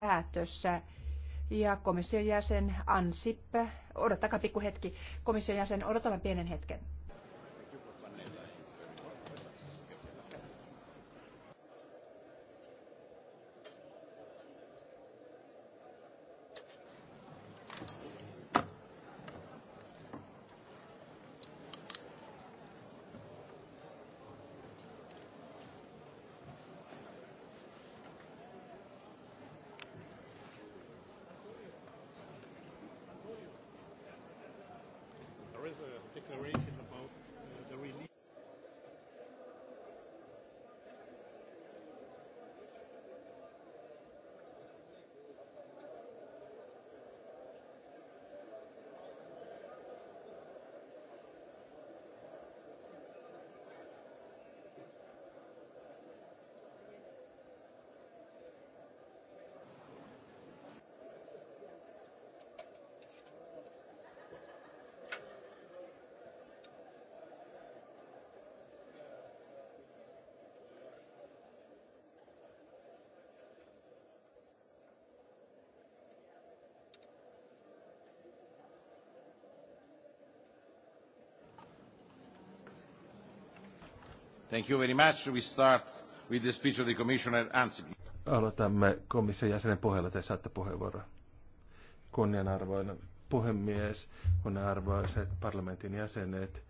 päätös ja komission jäsen Ansip, odottakaa pikku hetki, komission jäsen, odotamme pienen hetken. Aloitamme komission jäsenen puheella. Te saatte puheenvuoron. Kunnianarvoinen puhemies, kunnianarvoiset parlamentin jäsenet.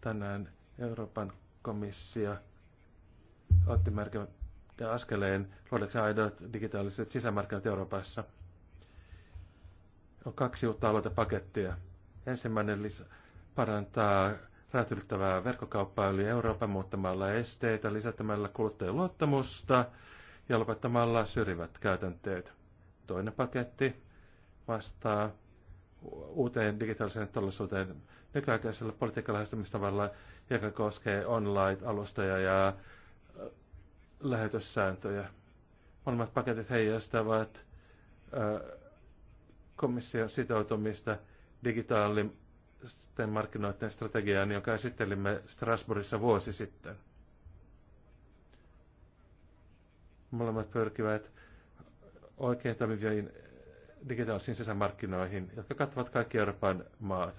Tänään Euroopan komissio otti merkittävän askeleen luodakseen aidot digitaaliset sisämarkkinat Euroopassa. On kaksi uutta aloitepakettia. Ensimmäinen parantaa rajat verkkokauppaa yli Euroopan muuttamalla esteitä, lisätämällä kuluttajien luottamusta ja lopettamalla syrjivät käytänteet. Toinen paketti vastaa uuteen digitaaliseen todellisuuteen nykyaikaisella politiikan lähestymistavalla, joka koskee online-alustoja ja äh, lähetyssääntöjä. Molemmat paketit heijastavat äh, komission sitoutumista digitaali julkisten markkinoiden strategiaan, jonka esittelimme Strasbourgissa vuosi sitten. Molemmat pyrkivät oikein toimiviin digitaalisiin sisämarkkinoihin, jotka kattavat kaikki Euroopan maat,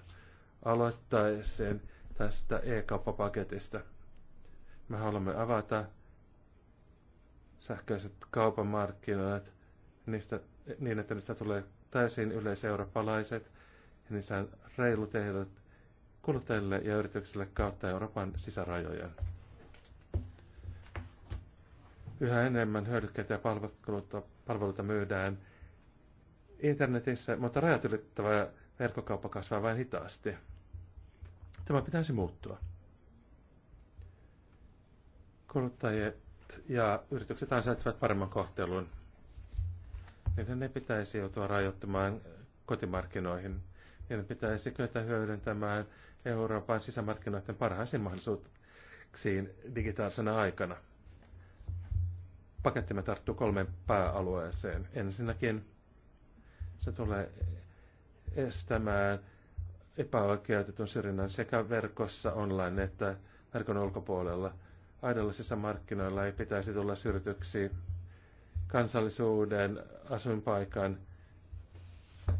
Aloittaisin tästä e-kauppapaketista. Me haluamme avata sähköiset kaupan markkinat niistä, niin, että niistä tulee täysin yleiseurooppalaiset, niissä on reilut ehdot kuluttajille ja yrityksille kautta Euroopan sisärajojen. Yhä enemmän hyödykkeitä ja palveluita, palveluita myydään internetissä, mutta rajat ylittävä verkkokauppa kasvaa vain hitaasti. Tämä pitäisi muuttua. Kuluttajat ja yritykset ansaitsevat paremman kohtelun. Niiden ne pitäisi joutua rajoittamaan kotimarkkinoihin – niiden pitäisi kyetä hyödyntämään Euroopan sisämarkkinoiden parhaisiin mahdollisuuksiin digitaalisena aikana. Pakettimme tarttuu kolmeen pääalueeseen. Ensinnäkin se tulee estämään epäoikeutetun syrjinnän sekä verkossa online että verkon ulkopuolella. Aidollisissa markkinoilla ei pitäisi tulla syrjityksi kansallisuuden, asuinpaikan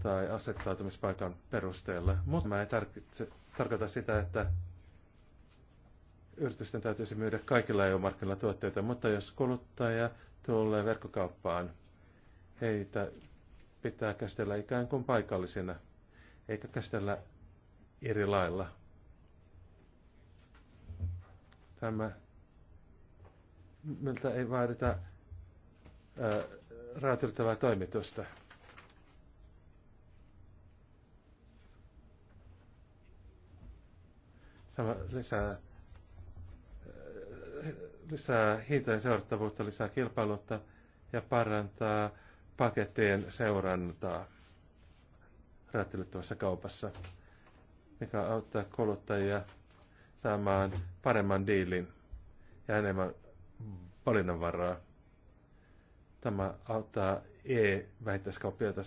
tai asettautumispaikan perusteella. Mutta mä en se, tarkoita sitä, että yritysten täytyisi myydä kaikilla EU-markkinoilla tuotteita, mutta jos kuluttaja tulee verkkokauppaan, heitä pitää käsitellä ikään kuin paikallisina, eikä käsitellä eri lailla. Tämä, miltä ei vaadita äh, raatioittavaa toimitusta. Tämä lisää, äh, lisää hintojen seurattavuutta, lisää kilpailutta ja parantaa pakettien seurantaa räätälöittävässä kaupassa, mikä auttaa kuluttajia saamaan paremman diilin ja enemmän valinnanvaraa. Tämä auttaa e-vähittäiskauppiaita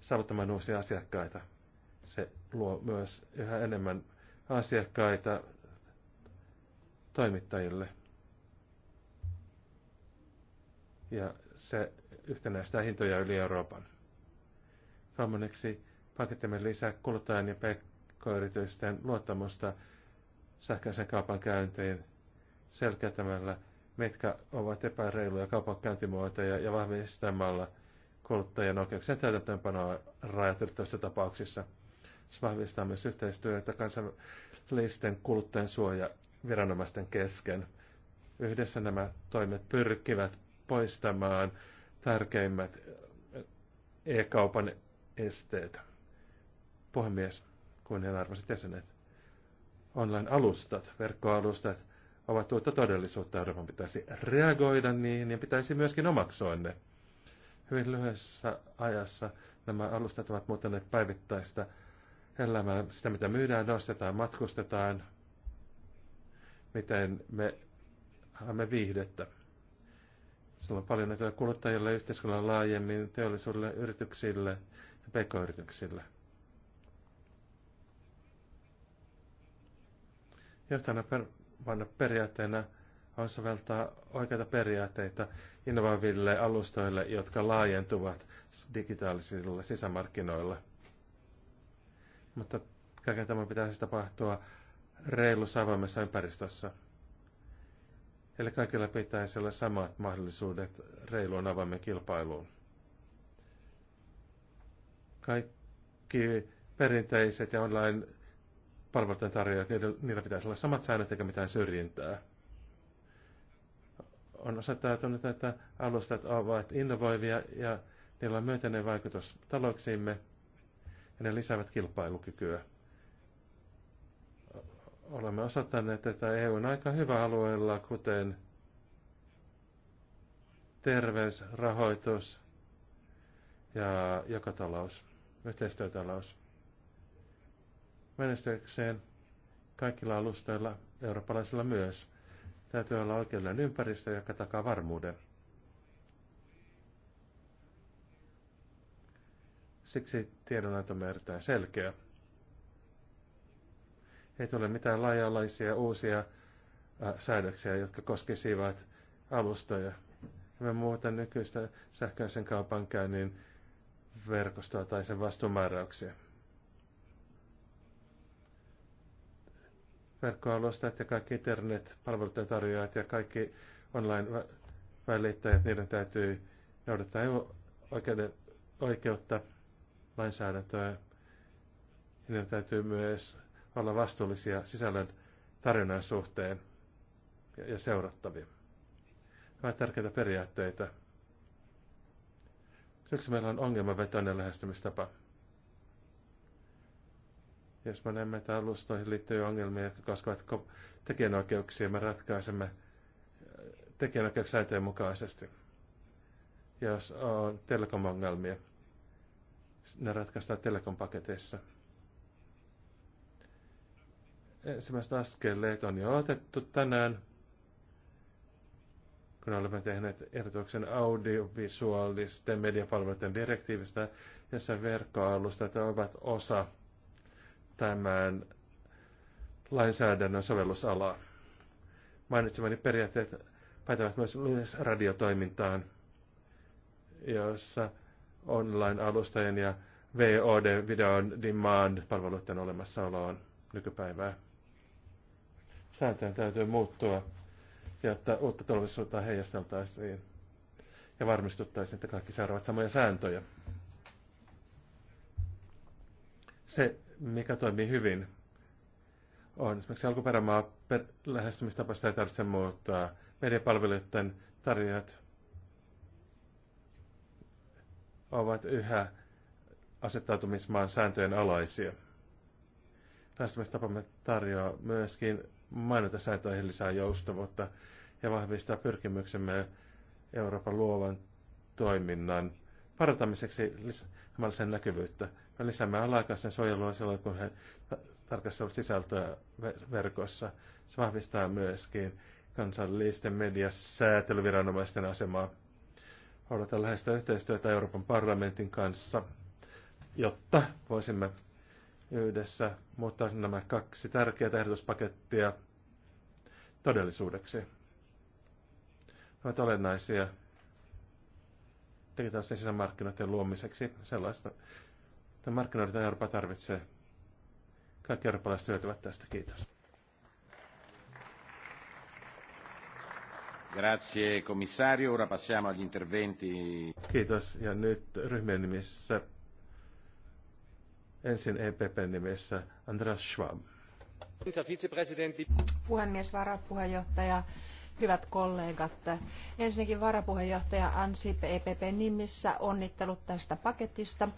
saavuttamaan uusia asiakkaita. Se luo myös yhä enemmän asiakkaita toimittajille. Ja se yhtenäistää hintoja yli Euroopan. Kolmanneksi pakettimme lisää kuluttajan ja pk-yritysten luottamusta sähköisen kaupan käyntiin selkeytämällä, mitkä ovat epäreiluja kaupankäyntimuotoja ja vahvistamalla kuluttajan oikeuksien täytäntöönpanoa rajat tapauksissa – se vahvistaa myös yhteistyötä suoja viranomaisten kesken. Yhdessä nämä toimet pyrkivät poistamaan tärkeimmät e-kaupan esteet. Puhemies, kunnianarvoiset jäsenet, online-alustat, verkkoalustat ovat uutta todellisuutta. Euroopan pitäisi reagoida niin ja pitäisi myöskin omaksua ne. Hyvin lyhyessä ajassa nämä alustat ovat muuttaneet päivittäistä elämää, sitä mitä myydään, nostetaan, matkustetaan, miten me haemme viihdettä. Sillä on paljon näitä kuluttajille, yhteiskunnalle laajemmin, teollisuudelle, yrityksille ja pk-yrityksille. Johtana per, vanna periaatteena on soveltaa oikeita periaatteita innovaaville alustoille, jotka laajentuvat digitaalisilla sisämarkkinoilla – mutta kaiken tämän pitäisi siis tapahtua reilussa avoimessa ympäristössä. Eli kaikilla pitäisi olla samat mahdollisuudet reiluun avoimen kilpailuun. Kaikki perinteiset ja online palveluiden tarjoajat, niillä, pitäisi olla samat säännöt eikä mitään syrjintää. On osoittautunut, että alustat ovat innovoivia ja niillä on myönteinen vaikutus talouksiimme – ja ne lisäävät kilpailukykyä. Olemme osoittaneet, että EU on aika hyvä alueella, kuten terveysrahoitus ja talous, yhteistyötalous. Menestyäkseen kaikilla alustoilla, eurooppalaisilla myös, täytyy olla oikeudellinen ympäristö, joka takaa varmuuden. Siksi on erittäin selkeä. Ei tule mitään laajalaisia uusia äh, säädöksiä, jotka koskisivat alustoja. Me muuta nykyistä sähköisen kaupankäynnin verkostoa tai sen vastuumääräyksiä. Verkkoalustat ja kaikki internet-palveluiden tarjoajat ja kaikki online-välittäjät, niiden täytyy noudattaa oikeuden, oikeutta lainsäädäntöä. Niiden täytyy myös olla vastuullisia sisällön tarjonnan suhteen ja seurattavia. Nämä ovat tärkeitä periaatteita. Siksi meillä on ongelmavetoinen lähestymistapa. Jos me näemme, että alustoihin liittyy ongelmia, jotka koskevat tekijänoikeuksia, me ratkaisemme äh, tekijänoikeuksien mukaisesti. Jos on telekom-ongelmia, ne ratkaistaan telekompaketeissa. Ensimmäiset askeleet on jo otettu tänään, kun olemme tehneet ehdotuksen audiovisuaalisten mediapalveluiden direktiivistä, jossa verkkoalustat ovat osa tämän lainsäädännön sovellusalaa. Mainitsemani periaatteet pätevät myös radiotoimintaan, jossa online-alustojen ja VOD, Video on Demand-palveluiden olemassaoloon nykypäivää. Sääntöjen täytyy muuttua, jotta uutta turvallisuutta heijasteltaisiin ja varmistuttaisiin, että kaikki seuraavat samoja sääntöjä. Se, mikä toimii hyvin, on esimerkiksi alkuperämaa lähestymistapasta ei tarvitse muuttaa. Mediapalveluiden tarjoajat ovat yhä asettautumismaan sääntöjen alaisia. Lähestymistapamme tarjoaa myöskin mainita sääntöihin lisää joustavuutta ja vahvistaa pyrkimyksemme Euroopan luovan toiminnan parantamiseksi lisäämällä sen näkyvyyttä. Me lisäämme alaikaisen suojelua silloin, kun he tarkastavat sisältöä verkossa. Se vahvistaa myöskin kansallisten mediasäätelyviranomaisten asemaa odotan läheistä yhteistyötä Euroopan parlamentin kanssa, jotta voisimme yhdessä muuttaa nämä kaksi tärkeää ehdotuspakettia todellisuudeksi. Ne ovat olennaisia digitaalisten sisämarkkinoiden luomiseksi sellaista, että markkinoita Eurooppa tarvitsee. Kaikki eurooppalaiset hyötyvät tästä. Kiitos. Grazie, komissario. Ora passiamo agli interventi. Kiitos. Ja nyt ryhmien nimissä, ensin EPPn nimissä, Andreas Schwab. Puhemies, varapuheenjohtaja, hyvät kollegat. Ensinnäkin varapuheenjohtaja Ansip EPP nimissä onnittelut tästä paketista.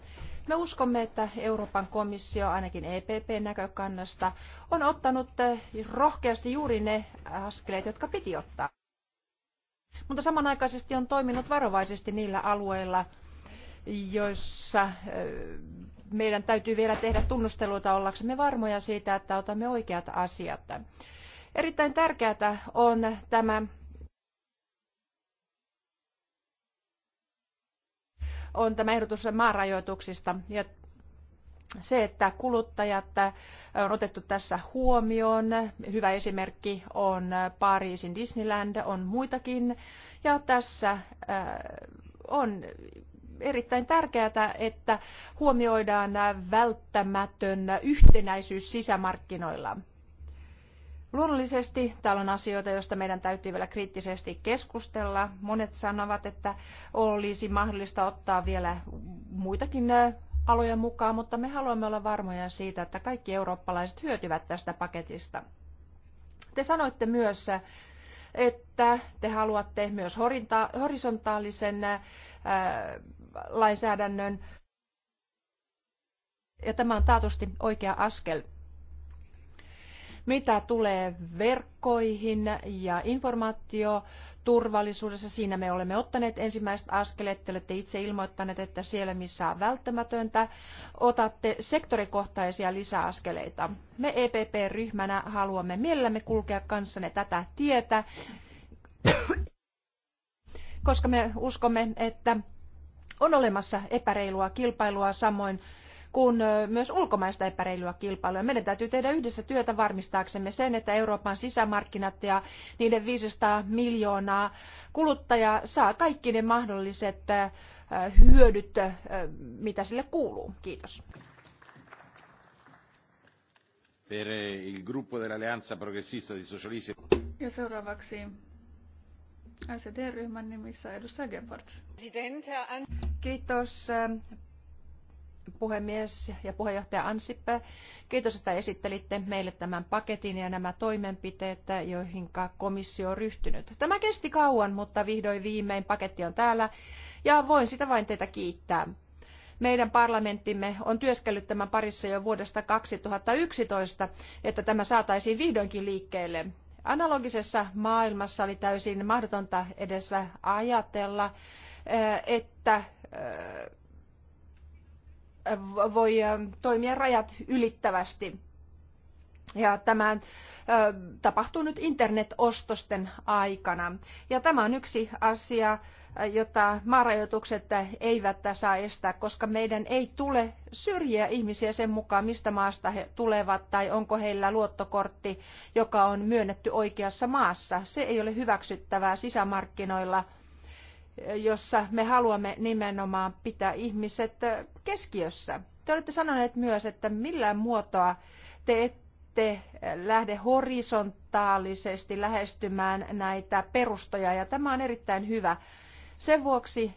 Me uskomme, että Euroopan komissio ainakin EPP-näkökannasta on ottanut rohkeasti juuri ne askeleet, jotka piti ottaa mutta samanaikaisesti on toiminut varovaisesti niillä alueilla, joissa meidän täytyy vielä tehdä tunnusteluita ollaksemme varmoja siitä, että otamme oikeat asiat. Erittäin tärkeää on tämä on tämä ehdotus maarajoituksista ja se, että kuluttajat äh, on otettu tässä huomioon. Hyvä esimerkki on äh, Pariisin Disneyland, on muitakin. Ja tässä äh, on erittäin tärkeää, että huomioidaan välttämätön yhtenäisyys sisämarkkinoilla. Luonnollisesti täällä on asioita, joista meidän täytyy vielä kriittisesti keskustella. Monet sanovat, että olisi mahdollista ottaa vielä muitakin alojen mukaan, mutta me haluamme olla varmoja siitä, että kaikki eurooppalaiset hyötyvät tästä paketista. Te sanoitte myös, että te haluatte myös horisontaalisen äh, lainsäädännön, ja tämä on taatusti oikea askel. Mitä tulee verkkoihin ja informaatio turvallisuudessa. Siinä me olemme ottaneet ensimmäiset askeleet. Te olette itse ilmoittaneet, että siellä missä on välttämätöntä, otatte sektorikohtaisia lisäaskeleita. Me EPP-ryhmänä haluamme mielellämme kulkea kanssanne tätä tietä, koska me uskomme, että on olemassa epäreilua kilpailua samoin kuin myös ulkomaista epäreilua kilpailua. Meidän täytyy tehdä yhdessä työtä varmistaaksemme sen, että Euroopan sisämarkkinat ja niiden 500 miljoonaa kuluttajaa saa kaikki ne mahdolliset hyödyt, mitä sille kuuluu. Kiitos. Per eh, il gruppo dell'Alleanza Progressista di Socialisti. Ja seuraavaksi sd ryhmän nimissä edustaja Gebhardt. Kiitos puhemies ja puheenjohtaja Ansip. Kiitos, että esittelitte meille tämän paketin ja nämä toimenpiteet, joihin komissio on ryhtynyt. Tämä kesti kauan, mutta vihdoin viimein paketti on täällä ja voin sitä vain teitä kiittää. Meidän parlamenttimme on työskellyt tämän parissa jo vuodesta 2011, että tämä saataisiin vihdoinkin liikkeelle. Analogisessa maailmassa oli täysin mahdotonta edessä ajatella, eh, että eh, voi ähm, toimia rajat ylittävästi. Ja tämä äh, tapahtuu nyt internetostosten aikana. Ja tämä on yksi asia, äh, jota maarajoitukset eivät saa estää, koska meidän ei tule syrjiä ihmisiä sen mukaan, mistä maasta he tulevat tai onko heillä luottokortti, joka on myönnetty oikeassa maassa. Se ei ole hyväksyttävää sisämarkkinoilla – jossa me haluamme nimenomaan pitää ihmiset keskiössä. Te olette sanoneet myös, että millään muotoa te ette lähde horisontaalisesti lähestymään näitä perustoja, ja tämä on erittäin hyvä. Sen vuoksi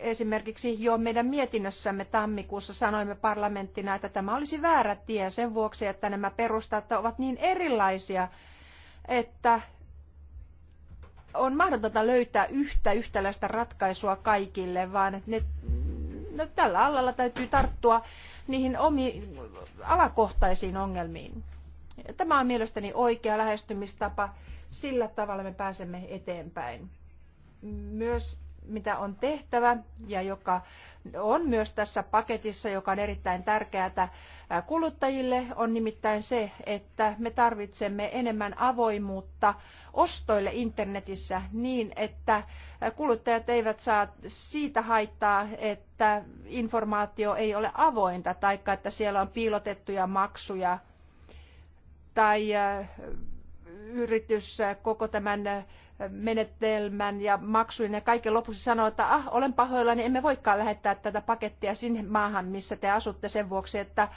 esimerkiksi jo meidän mietinnössämme tammikuussa sanoimme parlamenttina, että tämä olisi väärä tie sen vuoksi, että nämä perustat ovat niin erilaisia, että on mahdotonta löytää yhtä yhtäläistä ratkaisua kaikille, vaan ne, no, tällä alalla täytyy tarttua niihin omi, alakohtaisiin ongelmiin. Tämä on mielestäni oikea lähestymistapa. Sillä tavalla me pääsemme eteenpäin. Myös mitä on tehtävä ja joka on myös tässä paketissa, joka on erittäin tärkeää kuluttajille, on nimittäin se, että me tarvitsemme enemmän avoimuutta ostoille internetissä niin, että kuluttajat eivät saa siitä haittaa, että informaatio ei ole avointa tai että siellä on piilotettuja maksuja tai yritys koko tämän menetelmän ja maksuin ja kaiken lopuksi sanoo, että ah, olen pahoillani, emme voikaan lähettää tätä pakettia sinne maahan, missä te asutte sen vuoksi, että äh,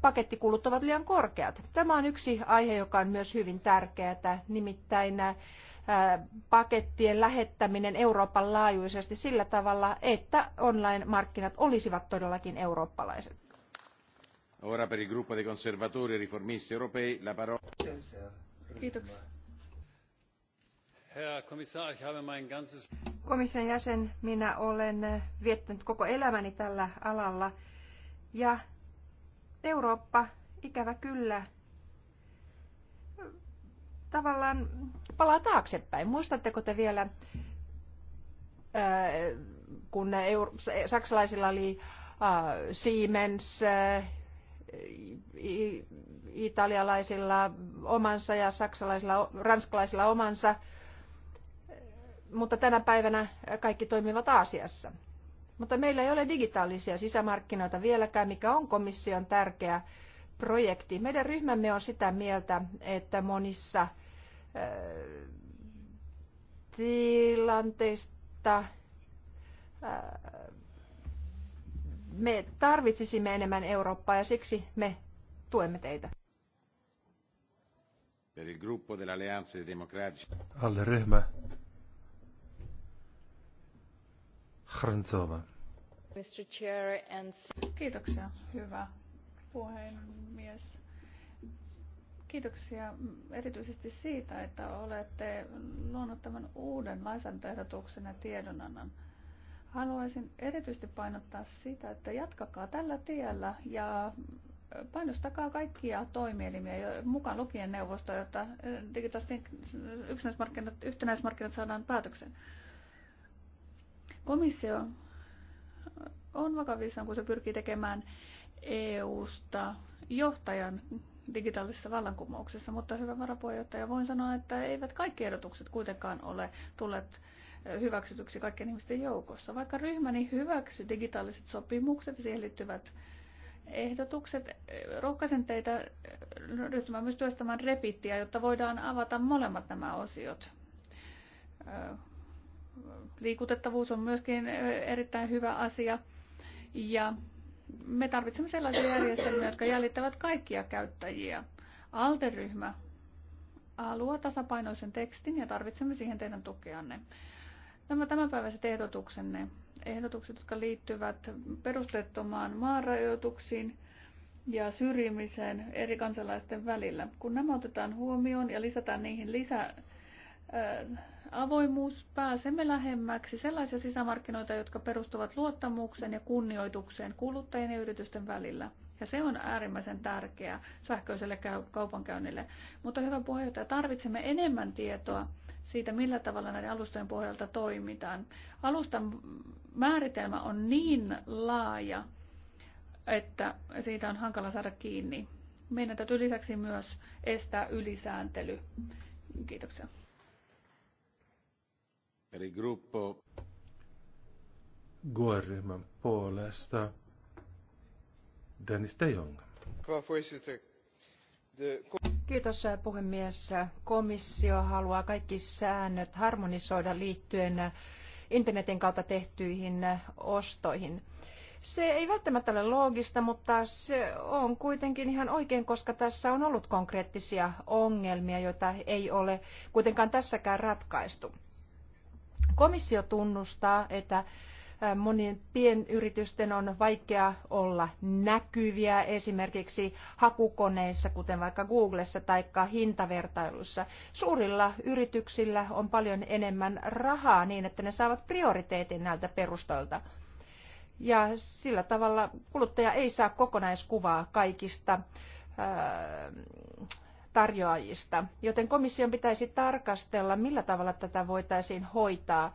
pakettikulut ovat liian korkeat. Tämä on yksi aihe, joka on myös hyvin tärkeää, nimittäin äh, pakettien lähettäminen Euroopan laajuisesti sillä tavalla, että online-markkinat olisivat todellakin eurooppalaiset. Ora per il gruppo dei conservatori e riformisti europei la parola. Kiitoksia. Komission jäsen, minä olen viettänyt koko elämäni tällä alalla. Ja Eurooppa, ikävä kyllä, tavallaan palaa taaksepäin. Muistatteko te vielä, äh, kun saksalaisilla oli äh, Siemens, äh, italialaisilla omansa ja saksalaisilla, ranskalaisilla omansa – mutta tänä päivänä kaikki toimivat Aasiassa. Mutta meillä ei ole digitaalisia sisämarkkinoita vieläkään, mikä on komission tärkeä projekti. Meidän ryhmämme on sitä mieltä, että monissa äh, tilanteista äh, me tarvitsisimme enemmän Eurooppaa ja siksi me tuemme teitä. Alle ryhmä Hrantsova. Kiitoksia, hyvä puhemies. Kiitoksia erityisesti siitä, että olette luonut tämän uuden lainsäädäntöehdotuksen ja tiedonannan. Haluaisin erityisesti painottaa sitä, että jatkakaa tällä tiellä ja painostakaa kaikkia toimielimiä, mukaan lukien neuvosto, jotta eh, digitaaliset yksinäismarkkinat, yhtenäismarkkinat saadaan päätökseen. Komissio on vakavissaan, kun se pyrkii tekemään EU-sta johtajan digitaalisessa vallankumouksessa, mutta hyvä varapuheenjohtaja, voin sanoa, että eivät kaikki ehdotukset kuitenkaan ole tulleet hyväksytyksi kaikkien ihmisten joukossa. Vaikka ryhmäni hyväksyi digitaaliset sopimukset ja siihen liittyvät ehdotukset, rohkaisen teitä ryhtymään myös työstämään repittiä, jotta voidaan avata molemmat nämä osiot liikutettavuus on myöskin erittäin hyvä asia. Ja me tarvitsemme sellaisia järjestelmiä, jotka jäljittävät kaikkia käyttäjiä. Alteryhmä luo tasapainoisen tekstin ja tarvitsemme siihen teidän tukeanne. Nämä tämänpäiväiset ehdotuksenne, ehdotukset, jotka liittyvät perusteettomaan maanrajoituksiin ja syrjimiseen eri kansalaisten välillä. Kun nämä otetaan huomioon ja lisätään niihin lisää avoimuus, pääsemme lähemmäksi sellaisia sisämarkkinoita, jotka perustuvat luottamukseen ja kunnioitukseen kuluttajien ja yritysten välillä. Ja se on äärimmäisen tärkeää sähköiselle kaupankäynnille. Mutta hyvä puheenjohtaja, tarvitsemme enemmän tietoa siitä, millä tavalla näiden alustojen pohjalta toimitaan. Alustan määritelmä on niin laaja, että siitä on hankala saada kiinni. Meidän täytyy lisäksi myös estää ylisääntely. Kiitoksia. Per il gruppo. Guerryman puolesta. Dennis de Jong. Kiitos äh, puhemies. Komissio haluaa kaikki säännöt harmonisoida liittyen äh, internetin kautta tehtyihin äh, ostoihin. Se ei välttämättä ole loogista, mutta se on kuitenkin ihan oikein, koska tässä on ollut konkreettisia ongelmia, joita ei ole kuitenkaan tässäkään ratkaistu komissio tunnustaa, että äh, monien pienyritysten on vaikea olla näkyviä esimerkiksi hakukoneissa, kuten vaikka Googlessa tai hintavertailussa. Suurilla yrityksillä on paljon enemmän rahaa niin, että ne saavat prioriteetin näiltä perustoilta. Ja sillä tavalla kuluttaja ei saa kokonaiskuvaa kaikista äh, tarjoajista. Joten komission pitäisi tarkastella, millä tavalla tätä voitaisiin hoitaa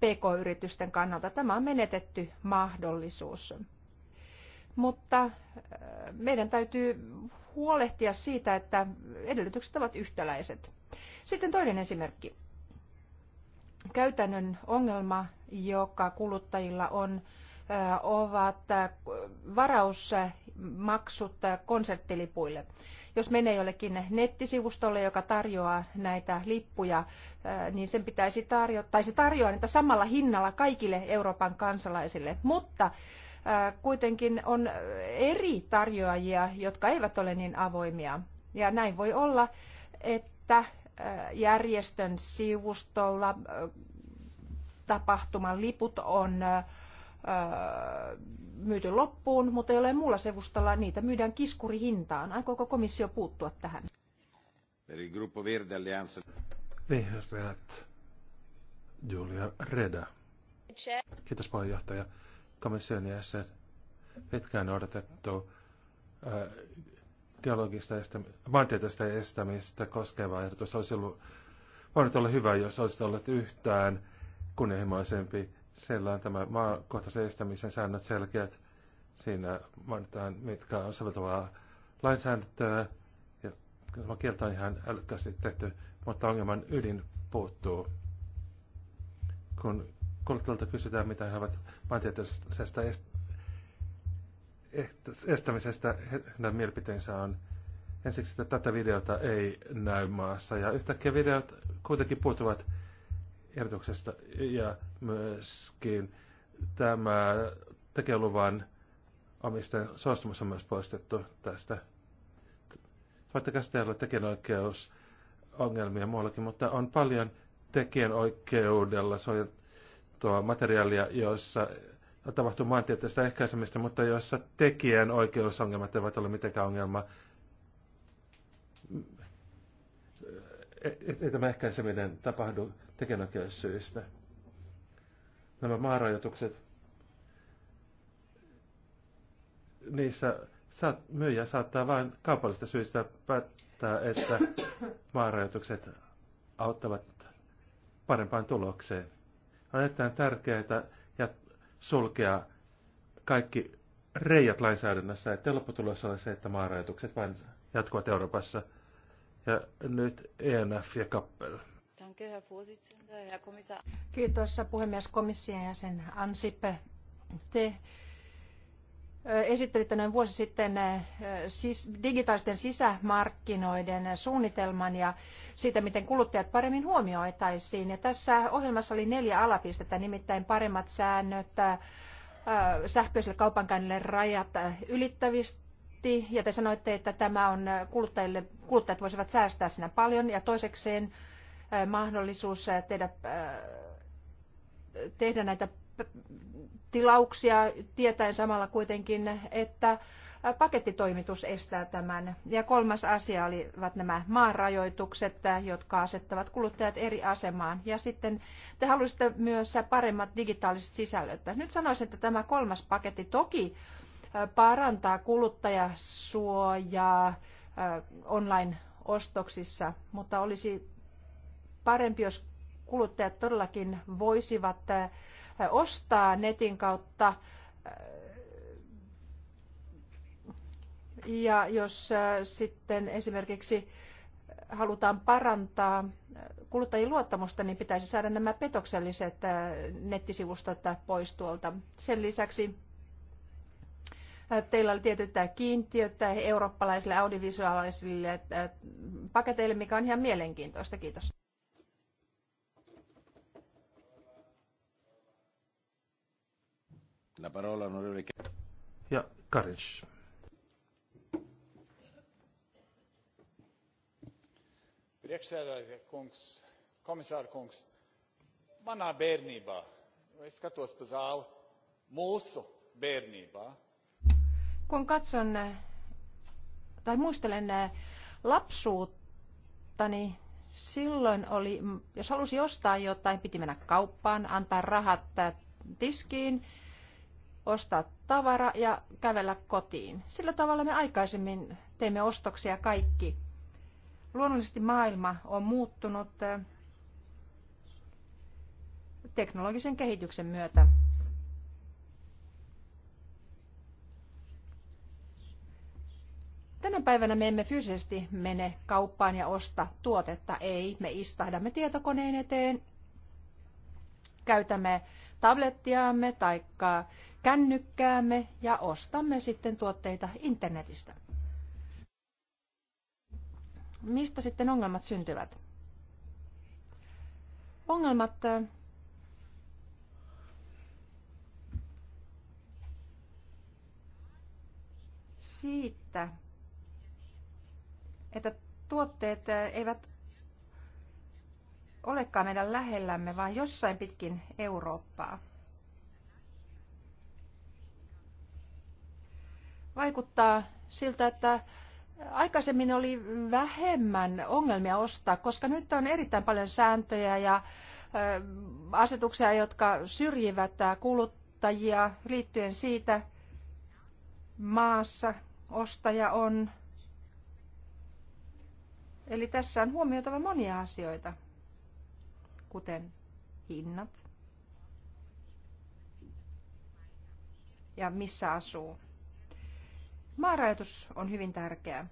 pk-yritysten kannalta. Tämä on menetetty mahdollisuus. Mutta äh, meidän täytyy huolehtia siitä, että edellytykset ovat yhtäläiset. Sitten toinen esimerkki. Käytännön ongelma, joka kuluttajilla on, äh, ovat äh, varausmaksut konserttilipuille. Jos menee jollekin nettisivustolle, joka tarjoaa näitä lippuja, niin sen pitäisi tarjota, tai se tarjoaa niitä samalla hinnalla kaikille Euroopan kansalaisille. Mutta kuitenkin on eri tarjoajia, jotka eivät ole niin avoimia. Ja näin voi olla, että järjestön sivustolla tapahtuman liput on Äh, myyty loppuun, mutta ole muulla sevustalla, niitä myydään kiskurihintaan. Aikooko komissio puuttua tähän? Per il gruppo Verde Vihreät. Julia Reda. Kiitos puheenjohtaja. Komission jäsen. Pitkään odotettu äh, geologista estämistä, maantieteistä estämistä koskeva ehdotus olisi ollut, voinut olla hyvä, jos olisi ollut yhtään kunnianhimoisempi siellä on tämä maakohtaisen estämisen säännöt selkeät. Siinä mainitaan, mitkä on soveltavaa lainsäädäntöä. Ja tämä kielto on ihan älykkäästi tehty, mutta ongelman ydin puuttuu. Kun kuluttajalta kysytään, mitä he ovat maantieteellisestä estämisestä, heidän mielipiteensä on ensiksi, että tätä videota ei näy maassa. Ja yhtäkkiä videot kuitenkin puuttuvat erotuksesta ja myöskin tämä tekijäluvan omistajan suostumus on myös poistettu tästä. Vaikka tästä ei ole tekijänoikeusongelmia muuallakin, mutta on paljon tekijänoikeudella suojattua materiaalia, jossa tapahtuu maantieteellistä ehkäisemistä, mutta jossa tekijänoikeusongelmat eivät ole mitenkään ongelma. Ei, e, ei tämä ehkäiseminen tapahdu tekijänoikeussyistä. syistä nämä maarajoitukset, niissä saat, myyjä saattaa vain kaupallista syistä päättää, että maarajoitukset auttavat parempaan tulokseen. On erittäin tärkeää ja sulkea kaikki reijät lainsäädännössä, että lopputulos on se, että maarajoitukset vain jatkuvat Euroopassa. Ja nyt ENF ja kappel arvoisa puhemies komission jäsen Ansip. Te äh, esittelitte noin vuosi sitten äh, digitaalisten sisämarkkinoiden suunnitelman ja siitä, miten kuluttajat paremmin huomioitaisiin. tässä ohjelmassa oli neljä alapistettä, nimittäin paremmat säännöt äh, sähköiselle kaupankäynnille rajat ylittävistä ja te sanoitte, että tämä on kuluttajille, kuluttajat voisivat säästää siinä paljon ja toisekseen mahdollisuus tehdä, tehdä näitä tilauksia, tietäen samalla kuitenkin, että pakettitoimitus estää tämän. Ja kolmas asia olivat nämä maanrajoitukset, jotka asettavat kuluttajat eri asemaan. Ja sitten te halusitte myös paremmat digitaaliset sisällöt. Nyt sanoisin, että tämä kolmas paketti toki parantaa kuluttajasuojaa online-ostoksissa, mutta olisi parempi, jos kuluttajat todellakin voisivat äh, ostaa netin kautta äh, ja jos äh, sitten esimerkiksi halutaan parantaa kuluttajien luottamusta, niin pitäisi saada nämä petokselliset nettisivustot pois tuolta. Sen lisäksi teillä oli tietyt kiintiöt eurooppalaisille audiovisuaalisille paketeille, mikä on ihan mielenkiintoista. Kiitos. La parola onorevole Ja, Karic. Priekšsēdētāji kungs, komisāra kungs, manā bērnībā, es skatos pa zāli, mūsu bērnībā. Kun katson tai muistelen lapsuuttani, silloin oli, jos halusi ostaa jotain, piti mennä kauppaan, antaa rahat äh, tiskiin ostaa tavara ja kävellä kotiin. Sillä tavalla me aikaisemmin teimme ostoksia kaikki. Luonnollisesti maailma on muuttunut eh, teknologisen kehityksen myötä. Tänä päivänä me emme fyysisesti mene kauppaan ja osta tuotetta, ei. Me istahdamme tietokoneen eteen, käytämme tablettiamme tai kännykkäämme ja ostamme sitten tuotteita internetistä. Mistä sitten ongelmat syntyvät? Ongelmat äh, siitä, että tuotteet äh, eivät olekaan meidän lähellämme, vaan jossain pitkin Eurooppaa. vaikuttaa siltä, että aikaisemmin oli vähemmän ongelmia ostaa, koska nyt on erittäin paljon sääntöjä ja asetuksia, jotka syrjivät kuluttajia liittyen siitä maassa ostaja on. Eli tässä on huomioitava monia asioita, kuten hinnat ja missä asuu. Maanrajoitus on hyvin tärkeä.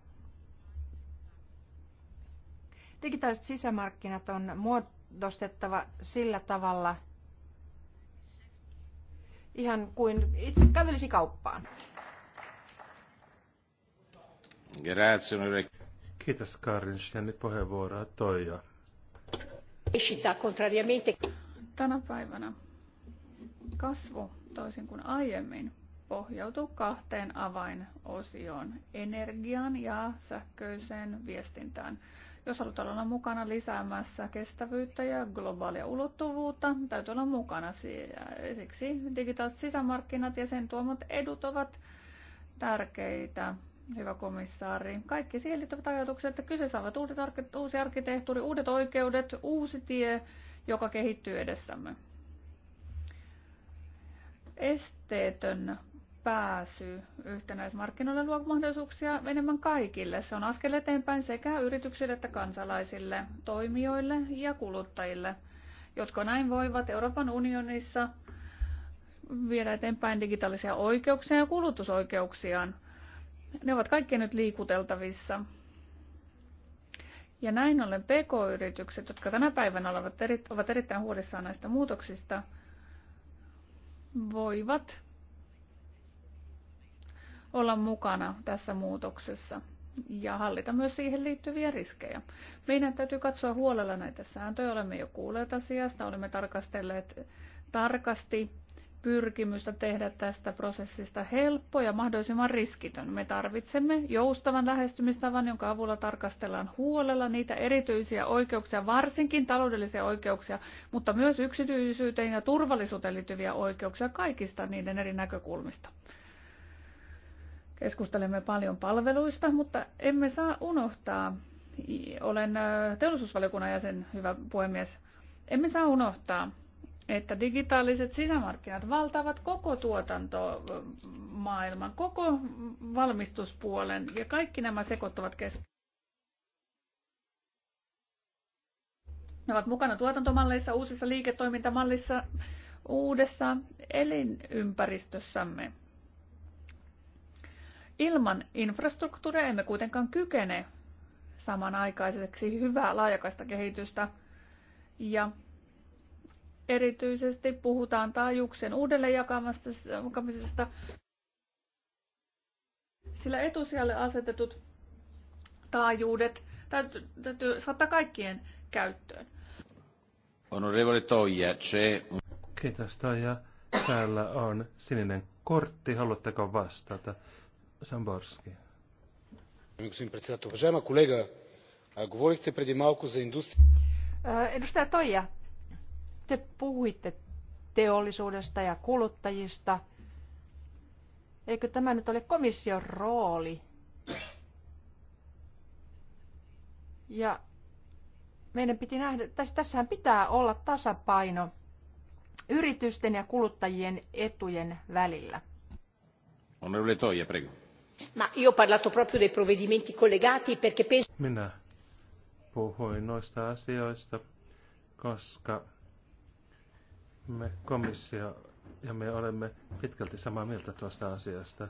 Digitaaliset sisämarkkinat on muodostettava sillä tavalla, ihan kuin itse kävelisi kauppaan. Kiitos Karin. Ja nyt puheenvuoroa Toija. Tänä päivänä kasvu, toisin kuin aiemmin, pohjautuu kahteen avainosioon, energiaan ja sähköiseen viestintään. Jos halutaan olla mukana lisäämässä kestävyyttä ja globaalia ulottuvuutta, täytyy olla mukana. Siksi digitaaliset sisämarkkinat ja sen tuomat edut ovat tärkeitä. Hyvä komissaari, kaikki siihen liittyvät ajatukset, että kyseessä ovat uudet uusi arkkitehtuuri, uudet oikeudet, uusi tie, joka kehittyy edessämme esteetön pääsy yhtenäismarkkinoille luo mahdollisuuksia enemmän kaikille. Se on askel eteenpäin sekä yrityksille että kansalaisille, toimijoille ja kuluttajille, jotka näin voivat Euroopan unionissa viedä eteenpäin digitaalisia oikeuksia ja kulutusoikeuksiaan. Ne ovat kaikki nyt liikuteltavissa. Ja näin ollen PK-yritykset, jotka tänä päivänä ovat erittäin huolissaan näistä muutoksista, voivat olla mukana tässä muutoksessa ja hallita myös siihen liittyviä riskejä. Meidän täytyy katsoa huolella näitä sääntöjä. Olemme jo kuulleet asiasta, olemme tarkastelleet tarkasti pyrkimystä tehdä tästä prosessista helppo ja mahdollisimman riskitön. Me tarvitsemme joustavan lähestymistavan, jonka avulla tarkastellaan huolella niitä erityisiä oikeuksia, varsinkin taloudellisia oikeuksia, mutta myös yksityisyyteen ja turvallisuuteen liittyviä oikeuksia kaikista niiden eri näkökulmista. Keskustelemme paljon palveluista, mutta emme saa unohtaa, olen teollisuusvaliokunnan jäsen, hyvä puhemies, emme saa unohtaa, että digitaaliset sisämarkkinat valtaavat koko tuotantomaailman, koko valmistuspuolen ja kaikki nämä sekoittuvat keskenään. Ne ovat mukana tuotantomalleissa, uusissa liiketoimintamallissa, uudessa elinympäristössämme. Ilman infrastruktuuria emme kuitenkaan kykene samanaikaiseksi hyvää laajakaista kehitystä ja erityisesti puhutaan taajuuksien uudelleenjakamisesta, sillä etusijalle asetetut taajuudet täytyy, täytyy saattaa kaikkien käyttöön. Onorevole Toija, c'è... Kiitos Toija. Täällä on sininen kortti. Haluatteko vastata? Самборски. Господин председател, уважаема колега, говорихте преди малко за индустрия. Edustaja Toija, te puhuitte teollisuudesta ja kuluttajista. Eikö tämä nyt ole komission rooli? Ja meidän piti nähdä, tässä, tässähän pitää olla tasapaino yritysten ja kuluttajien etujen välillä. Onorevole Toija, prego. Ma io ho parlato proprio dei provvedimenti collegati perché penso... Minä puhuin noista asioista, koska me komissio ja me olemme pitkälti samaa mieltä tuosta asiasta.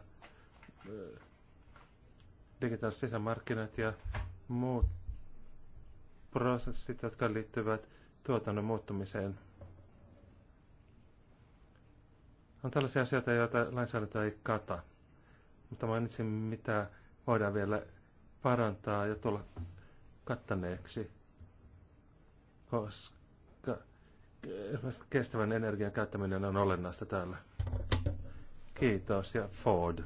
Digitaaliset sisämarkkinat ja muut prosessit, jotka liittyvät tuotannon muuttumiseen. On tällaisia asioita, joita lainsäädäntö ei kata mutta mainitsin, mitä voidaan vielä parantaa ja tulla kattaneeksi, koska kestävän energian käyttäminen on olennaista täällä. Kiitos ja Ford.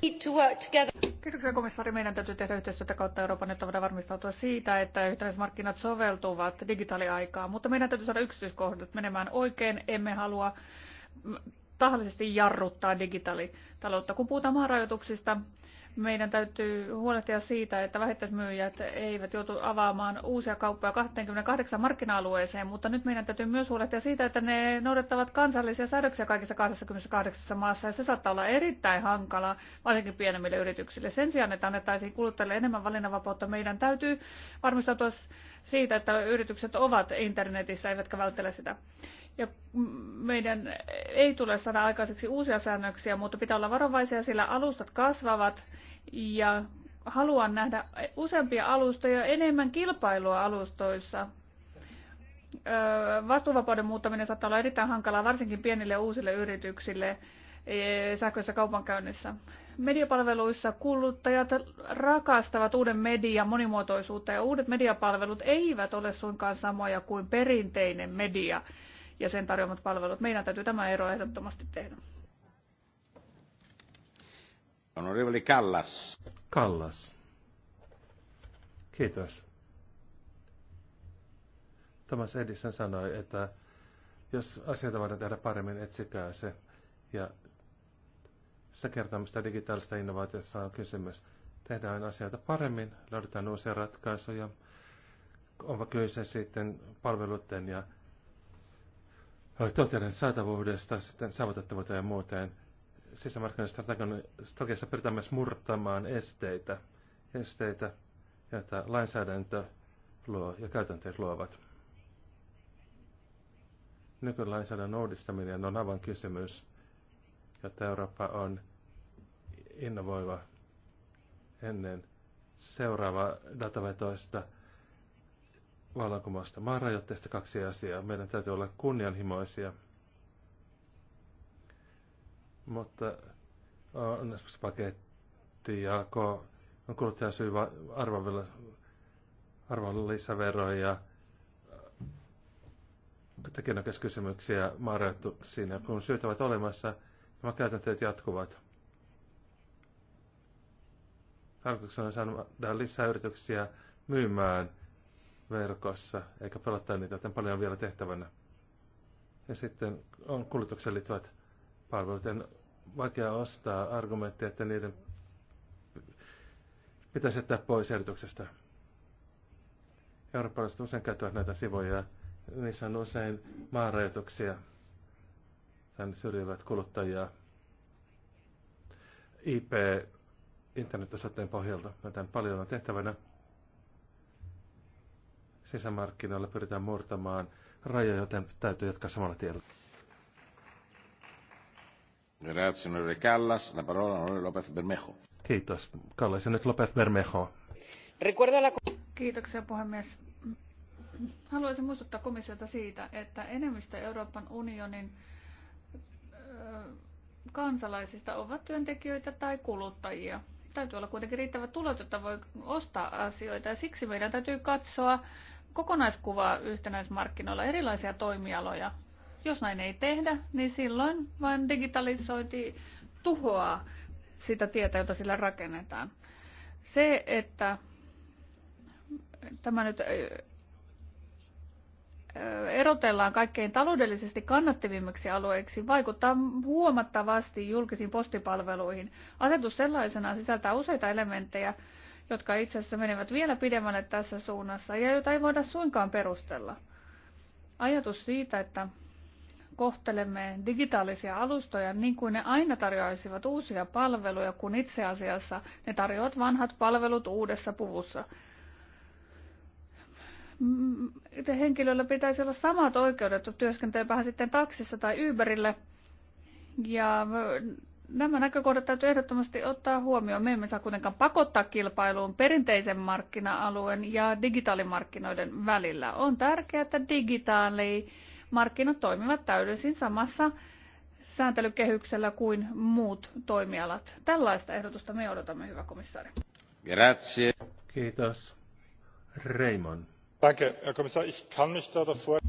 Kiitoksia komissaari. Meidän täytyy tehdä yhteistyötä kautta Euroopan, jotta voidaan varmistautua siitä, että yhtenäismarkkinat soveltuvat digitaaliaikaan. Mutta meidän täytyy saada yksityiskohdat menemään oikein. Emme halua tahallisesti jarruttaa digitaalitaloutta. Kun puhutaan maarajoituksista, meidän täytyy huolehtia siitä, että vähittäismyyjät eivät joutu avaamaan uusia kauppoja 28 markkina-alueeseen, mutta nyt meidän täytyy myös huolehtia siitä, että ne noudattavat kansallisia säädöksiä kaikissa 28 maassa, ja se saattaa olla erittäin hankala, varsinkin pienemmille yrityksille. Sen sijaan, että annettaisiin kuluttajille enemmän valinnanvapautta, meidän täytyy varmistautua siitä, että yritykset ovat internetissä eivätkä välttele sitä. Ja meidän ei tule saada aikaiseksi uusia säännöksiä, mutta pitää olla varovaisia, sillä alustat kasvavat ja haluan nähdä useampia alustoja, enemmän kilpailua alustoissa. Vastuuvapauden muuttaminen saattaa olla erittäin hankalaa, varsinkin pienille uusille yrityksille e, sähköisessä kaupankäynnissä mediapalveluissa kuluttajat rakastavat uuden median monimuotoisuutta ja uudet mediapalvelut eivät ole suinkaan samoja kuin perinteinen media ja sen tarjoamat palvelut. Meidän täytyy tämä ero ehdottomasti tehdä. Honorevoli Kallas. Kallas. Kiitos. Thomas Edison sanoi, että jos asioita voidaan tehdä paremmin, etsikää se. Ja se kertoo, mistä digitaalista innovaatiossa on kysymys. Tehdään asioita paremmin, löydetään uusia ratkaisuja, on kyse sitten palveluiden ja tuotteiden saatavuudesta, sitten saavutettavuuteen ja muuteen. Sisämarkkinoistrategiassa pyritään myös murtamaan esteitä, esteitä joita lainsäädäntö luo ja käytänteet luovat. Nykylainsäädännön uudistaminen on aivan kysymys jotta Eurooppa on innovoiva ennen seuraava datavetoista vallankumousta. Maanrajoitteista kaksi asiaa. Meidän täytyy olla kunnianhimoisia, mutta on esimerkiksi paketti ja on kuluttajasyy arvonlisäveroja, tekijänoikeuskysymyksiä maanrajoituksiin. siinä, kun syyt ovat olemassa, Nämä käytänteet jatkuvat. Tarkoituksena on saada lisää yrityksiä myymään verkossa, eikä pelottaa niitä, joten paljon on vielä tehtävänä. Ja sitten on kulutukseen liittyvät palvelut. En vaikea ostaa argumenttia, että niiden pitäisi jättää pois erityksestä. Eurooppalaiset usein käyttävät näitä sivuja, niissä on usein maanrajoituksia tämän syrjivät kuluttajia IP internetosoitteen pohjalta. Joten paljon on tehtävänä. Sisämarkkinoilla pyritään murtamaan raja, joten täytyy jatkaa samalla tiellä. Grazie, Callas. La parola López Bermejo. Kiitos. Kallas ja nyt López Bermejo. Kiitoksia puhemies. Haluaisin muistuttaa komissiota siitä, että enemmistö Euroopan unionin kansalaisista ovat työntekijöitä tai kuluttajia. Täytyy olla kuitenkin riittävä tulot, jotta voi ostaa asioita ja siksi meidän täytyy katsoa kokonaiskuvaa yhtenäismarkkinoilla, erilaisia toimialoja. Jos näin ei tehdä, niin silloin vain digitalisointi tuhoaa sitä tietä, jota sillä rakennetaan. Se, että tämä nyt erotellaan kaikkein taloudellisesti kannattavimmiksi alueiksi, vaikuttaa huomattavasti julkisiin postipalveluihin. Asetus sellaisenaan sisältää useita elementtejä, jotka itse asiassa menevät vielä pidemmälle tässä suunnassa ja joita ei voida suinkaan perustella. Ajatus siitä, että kohtelemme digitaalisia alustoja niin kuin ne aina tarjoaisivat uusia palveluja, kun itse asiassa ne tarjoavat vanhat palvelut uudessa puvussa – Mm, henkilöllä pitäisi olla samat oikeudet, työskentelepähän sitten taksissa tai Uberille. Ja mm, nämä näkökohdat täytyy ehdottomasti ottaa huomioon. Me emme saa kuitenkaan pakottaa kilpailuun perinteisen markkina-alueen ja digitaalimarkkinoiden välillä. On tärkeää, että digitaalimarkkinat toimivat täydellisin samassa sääntelykehyksellä kuin muut toimialat. Tällaista ehdotusta me odotamme, hyvä komissaari. Grazie. Kiitos. Raymond herr kommissar ich kann mich da davor.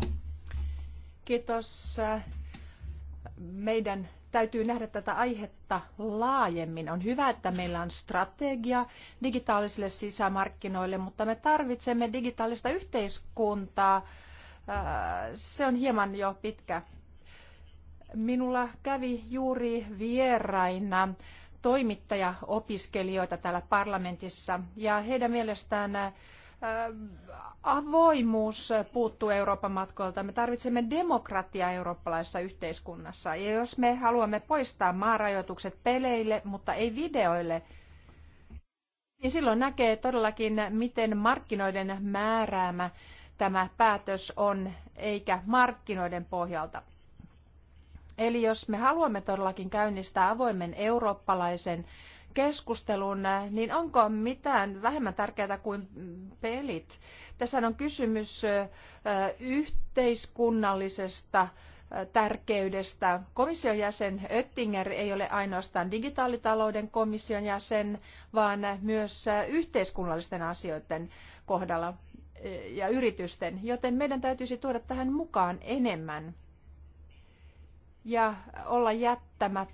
meidän täytyy nähdä tätä aihetta laajemmin. on hyvä että meillä on strategia digitaalisille sisämarkkinoille mutta me tarvitsemme digitaalista yhteiskuntaa. Äh, se on hieman jo pitkä. minulla kävi juuri vieraina toimittajaopiskelijoita täällä parlamentissa ja heidän mielestään avoimuus puuttuu Euroopan matkoilta. Me tarvitsemme demokratiaa eurooppalaisessa yhteiskunnassa. Ja jos me haluamme poistaa maarajoitukset peleille, mutta ei videoille, niin silloin näkee todellakin, miten markkinoiden määräämä tämä päätös on, eikä markkinoiden pohjalta. Eli jos me haluamme todellakin käynnistää avoimen eurooppalaisen keskustelun, niin onko mitään vähemmän tärkeää kuin pelit? Tässä on kysymys yhteiskunnallisesta tärkeydestä. Komission jäsen Oettinger ei ole ainoastaan digitaalitalouden komission jäsen, vaan myös yhteiskunnallisten asioiden kohdalla ja yritysten, joten meidän täytyisi tuoda tähän mukaan enemmän ja olla jättämättä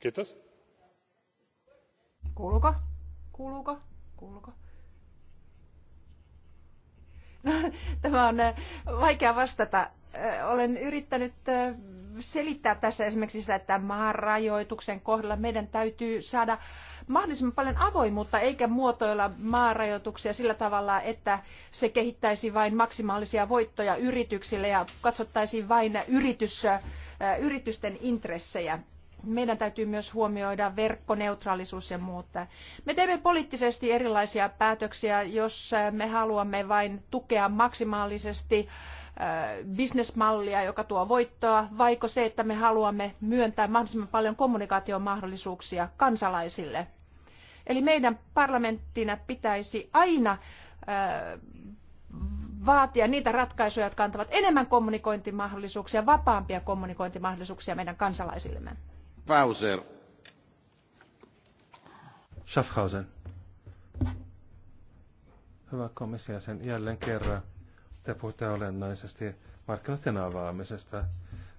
Geht das? Kuuluuko? Kuuluuko? Kuuluuko? No, tämä on äh, vaikea vastata. Äh, olen yrittänyt äh, selittää tässä esimerkiksi sitä, että maan rajoituksen kohdalla meidän täytyy saada mahdollisimman paljon avoimuutta eikä muotoilla maarajoituksia sillä tavalla, että se kehittäisi vain maksimaalisia voittoja yrityksille ja katsottaisiin vain yritys, yritysten intressejä. Meidän täytyy myös huomioida verkkoneutraalisuus ja muut. Me teemme poliittisesti erilaisia päätöksiä, jos me haluamme vain tukea maksimaalisesti bisnesmallia, joka tuo voittoa, vaiko se, että me haluamme myöntää mahdollisimman paljon kommunikaatiomahdollisuuksia kansalaisille. Eli meidän parlamenttina pitäisi aina vaatia niitä ratkaisuja, jotka antavat enemmän kommunikointimahdollisuuksia, vapaampia kommunikointimahdollisuuksia meidän kansalaisillemme. Bowser. Schaffhausen. Hyvä komissio, sen jälleen kerran. Te puhutte olennaisesti markkinoiden avaamisesta,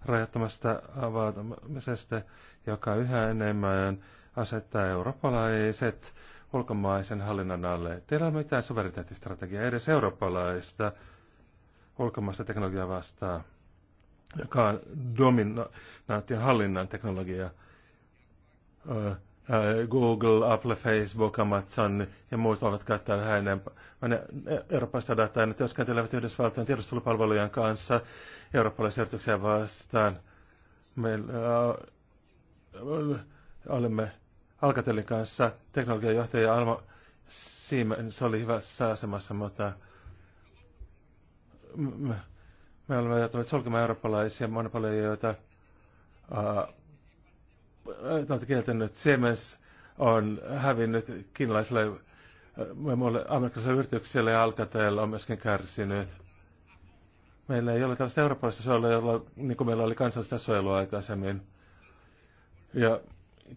rajattomasta avaamisesta, joka yhä enemmän asettaa eurooppalaiset ulkomaisen hallinnan alle. Teillä on mitään suvereniteettistrategiaa edes eurooppalaista ulkomaista teknologiaa vastaan, joka on dominaation hallinnan teknologia. Google, Apple, Facebook, Amazon ja muut voivat käyttää yhä enemmän eurooppalaista dataa, ne työskentelevät Yhdysvaltojen tiedustelupalvelujen kanssa eurooppalaisia yrityksiä vastaan. Me olemme Alcatelin kanssa teknologiajohtaja Alma Siemens oli hyvässä asemassa, mutta me, me olemme joutuneet solkemaan eurooppalaisia monopoleja, joita äh, on kieltänyt. Siemens on hävinnyt kiinalaisille äh, muille amerikkalaisille yrityksille ja Alcatel on myöskin kärsinyt. Meillä ei ole tällaista eurooppalaista suojelua, jolla, niin kuin meillä oli kansallista suojelua aikaisemmin. Ja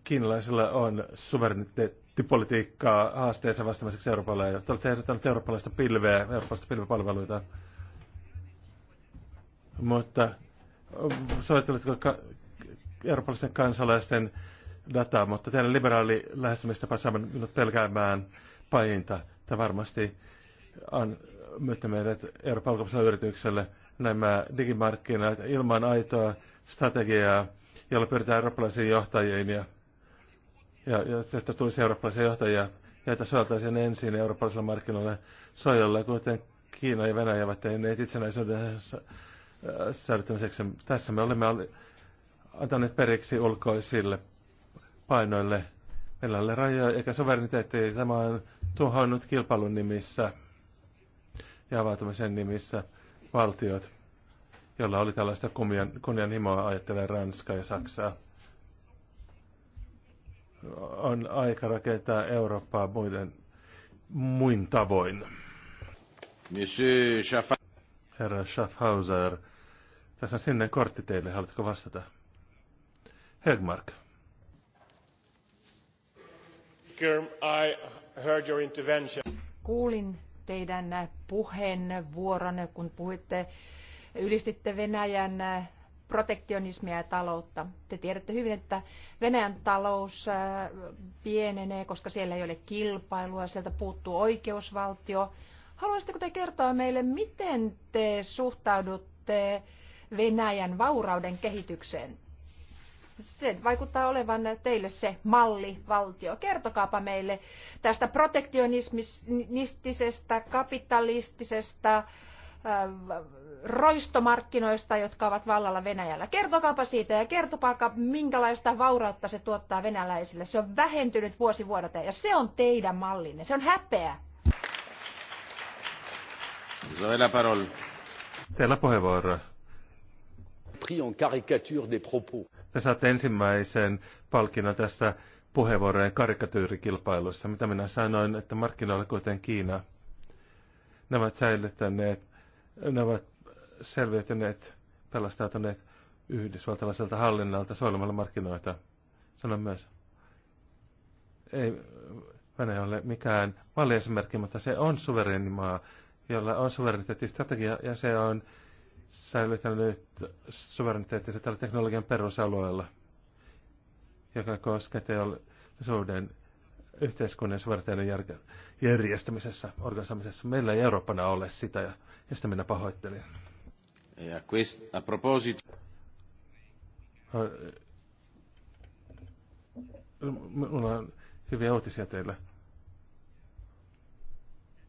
kiinalaisilla on suvereniteettipolitiikkaa haasteensa vastaamiseksi Euroopalle. Ja te olette ehdottaneet eurooppalaista pilveä, eurooppalaista pilvipalveluita. Mutta soitteletko ka- eurooppalaisten kansalaisten dataa, mutta teidän liberaali lähestymistapa saa minut pelkäämään pahinta. Tämä varmasti on myötä meidät Euroopan ulkopuoliselle yritykselle nämä digimarkkinat ilman aitoa strategiaa, jolla pyritään eurooppalaisiin johtajiin ja ja, ja tästä tulisi eurooppalaisia johtajia, joita soveltaisiin ensin eurooppalaisilla markkinoilla soijolla, kuten Kiina ja Venäjä ovat tehneet itsenäisyyden säilyttämiseksi. Tässä me olemme antaneet periksi ulkoisille painoille. Meillä ei ole rajoja eikä sovereniteetti. Tämä on tuhoannut kilpailun nimissä ja avautumisen nimissä valtiot, joilla oli tällaista kunnianhimoa, ajattelee Ranskaa ja Saksaa on aika rakentaa Eurooppaa muiden, muin tavoin. Monsieur Herra Schaffhauser, tässä on sinne kortti teille, haluatko vastata? Hegmark. I heard your intervention. Kuulin teidän puheenvuoronne, kun puhuitte, ylistitte Venäjän protektionismia ja taloutta. Te tiedätte hyvin, että Venäjän talous äh, pienenee, koska siellä ei ole kilpailua, sieltä puuttuu oikeusvaltio. Haluaisitteko te kertoa meille, miten te suhtaudutte Venäjän vaurauden kehitykseen? Se vaikuttaa olevan teille se mallivaltio. Kertokaapa meille tästä protektionistisesta, kapitalistisesta, Äh, roistomarkkinoista, jotka ovat vallalla Venäjällä. Kertokaapa siitä ja kertokaapa, minkälaista vaurautta se tuottaa venäläisille. Se on vähentynyt vuosi vuodelta ja se on teidän mallinne. Se on häpeä. Isabella Parol. Teillä puheenvuoro. Te saatte ensimmäisen palkinnon tästä puheenvuorojen karikatyyrikilpailussa. Mitä minä sanoin, että markkinoilla kuten Kiina, nämä ovat säilyttäneet ne ovat selviytyneet, pelastautuneet yhdysvaltalaiselta hallinnalta suojelemalla markkinoita. Sanon myös, ei Venäjä ole mikään malliesimerkki, mutta se on suvereeni maa, jolla on suvereniteettistrategia ja se on säilyttänyt suvereniteettisen tällä teknologian perusalueella, joka koskee teollisuuden yhteiskunnan suorittajien järjestämisessä, organisoimisessa. Meillä ei Eurooppana ole sitä, ja, ja sitä minä pahoittelin. Ja quest, a proposito... Äh, Minulla on hyviä uutisia teille.